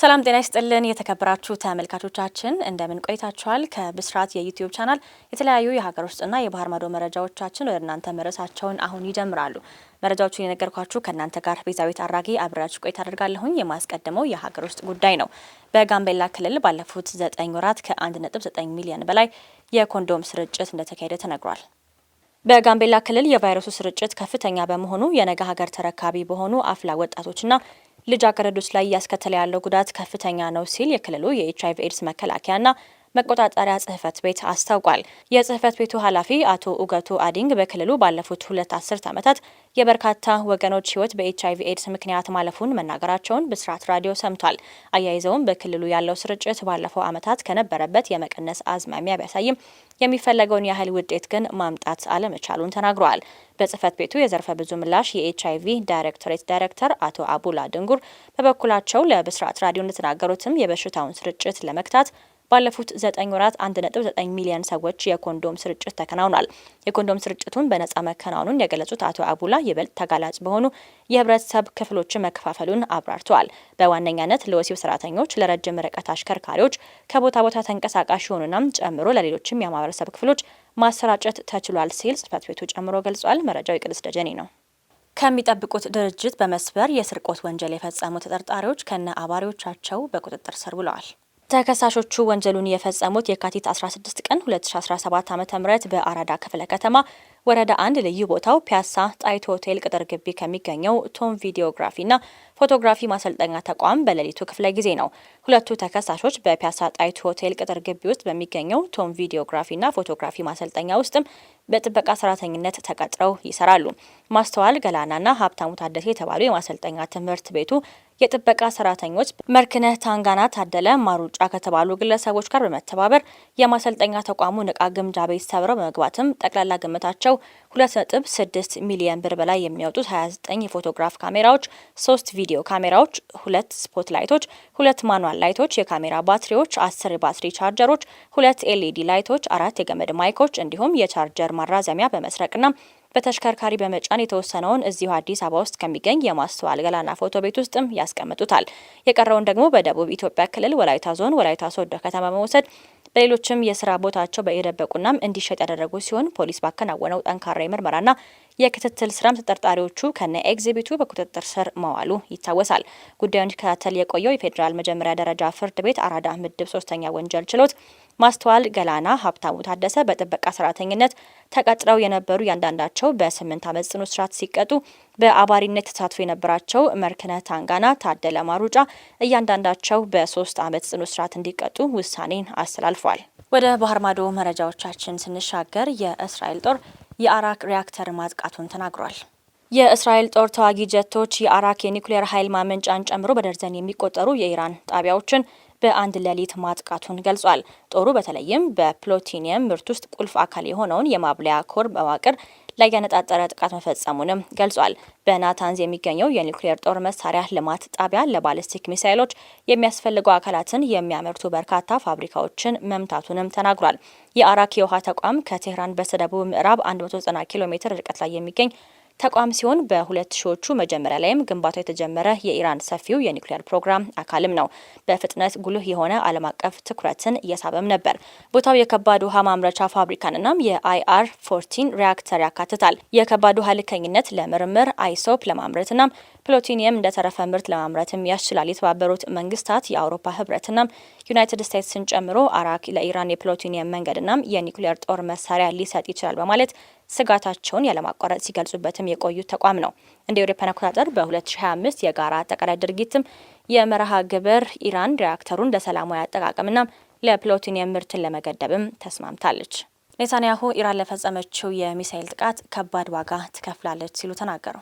ሰላም ጤና ይስጥልን የተከበራችሁ ተመልካቾቻችን እንደምን ቆይታችኋል? ከብስራት የዩቲዩብ ቻናል የተለያዩ የሀገር ውስጥና የባህር ማዶ መረጃዎቻችን ወደ እናንተ መረሳቸውን አሁን ይጀምራሉ። መረጃዎቹን የነገርኳችሁ ከእናንተ ጋር ቤዛዊት አራጌ አብሬያችሁ ቆይታ አደርጋለሁኝ። የማስቀድመው የሀገር ውስጥ ጉዳይ ነው። በጋምቤላ ክልል ባለፉት ዘጠኝ ወራት ከ1.9 ሚሊዮን በላይ የኮንዶም ስርጭት እንደተካሄደ ተነግሯል። በጋምቤላ ክልል የቫይረሱ ስርጭት ከፍተኛ በመሆኑ የነገ ሀገር ተረካቢ በሆኑ አፍላ ወጣቶችና ልጃገረዶች ላይ እያስከተለ ያለው ጉዳት ከፍተኛ ነው ሲል የክልሉ የኤች አይቪ ኤድስ መከላከያና መቆጣጠሪያ ጽህፈት ቤት አስታውቋል። የጽህፈት ቤቱ ኃላፊ አቶ ኡገቱ አዲንግ በክልሉ ባለፉት ሁለት አስርት ዓመታት የበርካታ ወገኖች ህይወት በኤች አይቪ ኤድስ ምክንያት ማለፉን መናገራቸውን ብስራት ራዲዮ ሰምቷል። አያይዘውም በክልሉ ያለው ስርጭት ባለፈው ዓመታት ከነበረበት የመቀነስ አዝማሚያ ቢያሳይም የሚፈለገውን ያህል ውጤት ግን ማምጣት አለመቻሉን ተናግረዋል። በጽህፈት ቤቱ የዘርፈ ብዙ ምላሽ የኤች አይቪ ዳይሬክቶሬት ዳይሬክተር አቶ አቡላ ድንጉር በበኩላቸው ለብስራት ራዲዮ እንደተናገሩትም የበሽታውን ስርጭት ለመግታት ባለፉት ዘጠኝ ወራት 1.9 ሚሊዮን ሰዎች የኮንዶም ስርጭት ተከናውኗል። የኮንዶም ስርጭቱን በነጻ መከናወኑን የገለጹት አቶ አቡላ ይበልጥ ተጋላጭ በሆኑ የህብረተሰብ ክፍሎች መከፋፈሉን አብራርተዋል። በዋነኛነት ለወሲብ ሰራተኞች፣ ለረጅም ርቀት አሽከርካሪዎች፣ ከቦታ ቦታ ተንቀሳቃሽ የሆኑናም ጨምሮ ለሌሎችም የማህበረሰብ ክፍሎች ማሰራጨት ተችሏል ሲል ጽህፈት ቤቱ ጨምሮ ገልጿል። መረጃው የቅድስት ደጀኔ ነው። ከሚጠብቁት ድርጅት በመስበር የስርቆት ወንጀል የፈጸሙ ተጠርጣሪዎች ከነ አባሪዎቻቸው በቁጥጥር ስር ውለዋል። ተከሳሾቹ ወንጀሉን የፈጸሙት የካቲት 16 ቀን 2017 ዓ ም በአራዳ ክፍለ ከተማ ወረዳ አንድ ልዩ ቦታው ፒያሳ ጣይቱ ሆቴል ቅጥር ግቢ ከሚገኘው ቶም ቪዲዮግራፊና ፎቶግራፊ ማሰልጠኛ ተቋም በሌሊቱ ክፍለ ጊዜ ነው። ሁለቱ ተከሳሾች በፒያሳ ጣይቱ ሆቴል ቅጥር ግቢ ውስጥ በሚገኘው ቶም ቪዲዮግራፊና ፎቶግራፊ ማሰልጠኛ ውስጥም በጥበቃ ሰራተኝነት ተቀጥረው ይሰራሉ። ማስተዋል ገላናና ሀብታሙ ታደሰ የተባሉ የማሰልጠኛ ትምህርት ቤቱ የጥበቃ ሰራተኞች መርክነህ ታንጋና ታደለ ማሩጫ ከተባሉ ግለሰቦች ጋር በመተባበር የማሰልጠኛ ተቋሙ ንቃ ግምጃ ቤት ሰብረው በመግባትም ጠቅላላ ግምታቸው 2.6 ሚሊዮን ብር በላይ የሚያወጡት 29 የፎቶግራፍ ካሜራዎች፣ ሶስት ቪዲዮ ካሜራዎች፣ ሁለት ስፖትላይቶች፣ ሁለት ማኗል ላይቶች፣ የካሜራ ባትሪዎች፣ 10 የባትሪ ቻርጀሮች፣ ሁለት ኤልኢዲ ላይቶች፣ አራት የገመድ ማይኮች እንዲሁም የቻርጀር ማራዘሚያ በመስረቅና በተሽከርካሪ በመጫን የተወሰነውን እዚሁ አዲስ አበባ ውስጥ ከሚገኝ የማስተዋል ገላና ፎቶ ቤት ውስጥም ያስቀምጡታል። የቀረውን ደግሞ በደቡብ ኢትዮጵያ ክልል ወላይታ ዞን ወላይታ ሶዶ ከተማ በመውሰድ በሌሎችም የስራ ቦታቸው በየደበቁናም እንዲሸጥ ያደረጉ ሲሆን ፖሊስ ባከናወነው ጠንካራ የምርመራና የክትትል ስራም ተጠርጣሪዎቹ ከነ ኤግዚቢቱ በቁጥጥር ስር መዋሉ ይታወሳል። ጉዳዩን ሲከታተል የቆየው የፌዴራል መጀመሪያ ደረጃ ፍርድ ቤት አራዳ ምድብ ሶስተኛ ወንጀል ችሎት ማስተዋል ገላና፣ ሀብታሙ ታደሰ በጥበቃ ሰራተኝነት ተቀጥረው የነበሩ እያንዳንዳቸው በስምንት ዓመት ጽኑ እስራት ሲቀጡ በአባሪነት ተሳትፎ የነበራቸው መርክነ ታንጋና ታደለ ማሩጫ እያንዳንዳቸው በሶስት ዓመት ጽኑ እስራት እንዲቀጡ ውሳኔን አስተላልፏል። ወደ ባህር ማዶ መረጃዎቻችን ስንሻገር የእስራኤል ጦር የአራክ ሪያክተር ማጥቃቱን ተናግሯል። የእስራኤል ጦር ተዋጊ ጀቶች የአራክ የኒውክሌር ኃይል ማመንጫን ጨምሮ በደርዘን የሚቆጠሩ የኢራን ጣቢያዎችን በአንድ ሌሊት ማጥቃቱን ገልጿል። ጦሩ በተለይም በፕሎቲኒየም ምርት ውስጥ ቁልፍ አካል የሆነውን የማብለያ ኮር መዋቅር ላይ ያነጣጠረ ጥቃት መፈጸሙንም ገልጿል። በናታንዝ የሚገኘው የኒውክሌር ጦር መሳሪያ ልማት ጣቢያ ለባሊስቲክ ሚሳይሎች የሚያስፈልጉ አካላትን የሚያመርቱ በርካታ ፋብሪካዎችን መምታቱንም ተናግሯል። የአራክ የውሃ ተቋም ከቴህራን በስተደቡብ ምዕራብ 190 ኪሎ ሜትር ርቀት ላይ የሚገኝ ተቋም ሲሆን በሁለት ሺዎቹ መጀመሪያ ላይም ግንባታው የተጀመረ የኢራን ሰፊው የኒውክሊየር ፕሮግራም አካልም ነው። በፍጥነት ጉልህ የሆነ ዓለም አቀፍ ትኩረትን እየሳበም ነበር። ቦታው የከባድ ውሃ ማምረቻ ፋብሪካንና የአይአር ፎርቲን ሪያክተር ያካትታል። የከባድ ውሃ ልከኝነት ለምርምር አይሶፕ ለማምረትና ፕሎቲኒየም እንደ ተረፈ ምርት ለማምረትም ያስችላል። የተባበሩት መንግስታት፣ የአውሮፓ ህብረትና ዩናይትድ ስቴትስን ጨምሮ አራክ ለኢራን የፕሎቲኒየም መንገድና የኒውክሊየር ጦር መሳሪያ ሊሰጥ ይችላል በማለት ስጋታቸውን ያለማቋረጥ ሲገልጹበትም የቆዩት ተቋም ነው። እንደ አውሮፓውያን አቆጣጠር በ2025 የጋራ አጠቃላይ ድርጊትም የመርሃ ግብር ኢራን ሪያክተሩን ለሰላማዊ አጠቃቀምና ለፕሎቲኒየም ምርትን ለመገደብም ተስማምታለች። ኔታንያሁ ኢራን ለፈጸመችው የሚሳኤል ጥቃት ከባድ ዋጋ ትከፍላለች ሲሉ ተናገሩ።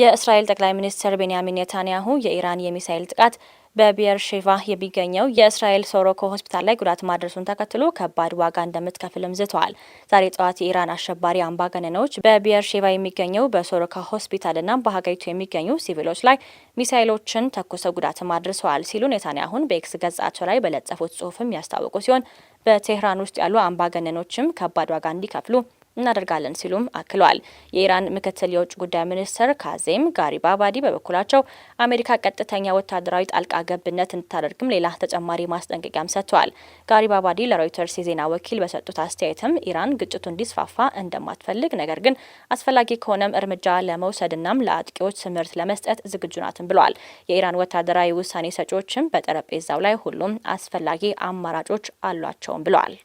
የእስራኤል ጠቅላይ ሚኒስትር ቤንያሚን ኔታንያሁ የኢራን የሚሳኤል ጥቃት በቢየርሼቫ የሚገኘው የእስራኤል ሶሮኮ ሆስፒታል ላይ ጉዳት ማድረሱን ተከትሎ ከባድ ዋጋ እንደምትከፍልም ዝተዋል። ዛሬ ጠዋት የኢራን አሸባሪ አምባገነኖች በቢየርሼቫ የሚገኘው በሶሮካ ሆስፒታልና በሀገሪቱ የሚገኙ ሲቪሎች ላይ ሚሳይሎችን ተኩሰው ጉዳት አድርሰዋል ሲሉ ኔታንያሁን በኤክስ ገጻቸው ላይ በለጠፉት ጽሁፍም ያስታወቁ ሲሆን በቴህራን ውስጥ ያሉ አምባገነኖችም ከባድ ዋጋ እንዲከፍሉ እናደርጋለን ሲሉም አክለዋል። የኢራን ምክትል የውጭ ጉዳይ ሚኒስትር ካዜም ጋሪባባዲ በበኩላቸው አሜሪካ ቀጥተኛ ወታደራዊ ጣልቃ ገብነት እንድታደርግም ሌላ ተጨማሪ ማስጠንቀቂያም ሰጥተዋል። ጋሪባባዲ ለሮይተርስ የዜና ወኪል በሰጡት አስተያየትም ኢራን ግጭቱ እንዲስፋፋ እንደማትፈልግ ነገር ግን አስፈላጊ ከሆነም እርምጃ ለመውሰድናም ለአጥቂዎች ትምህርት ለመስጠት ዝግጁ ናትም ብለዋል። የኢራን ወታደራዊ ውሳኔ ሰጪዎችም በጠረጴዛው ላይ ሁሉም አስፈላጊ አማራጮች አሏቸውም ብለዋል።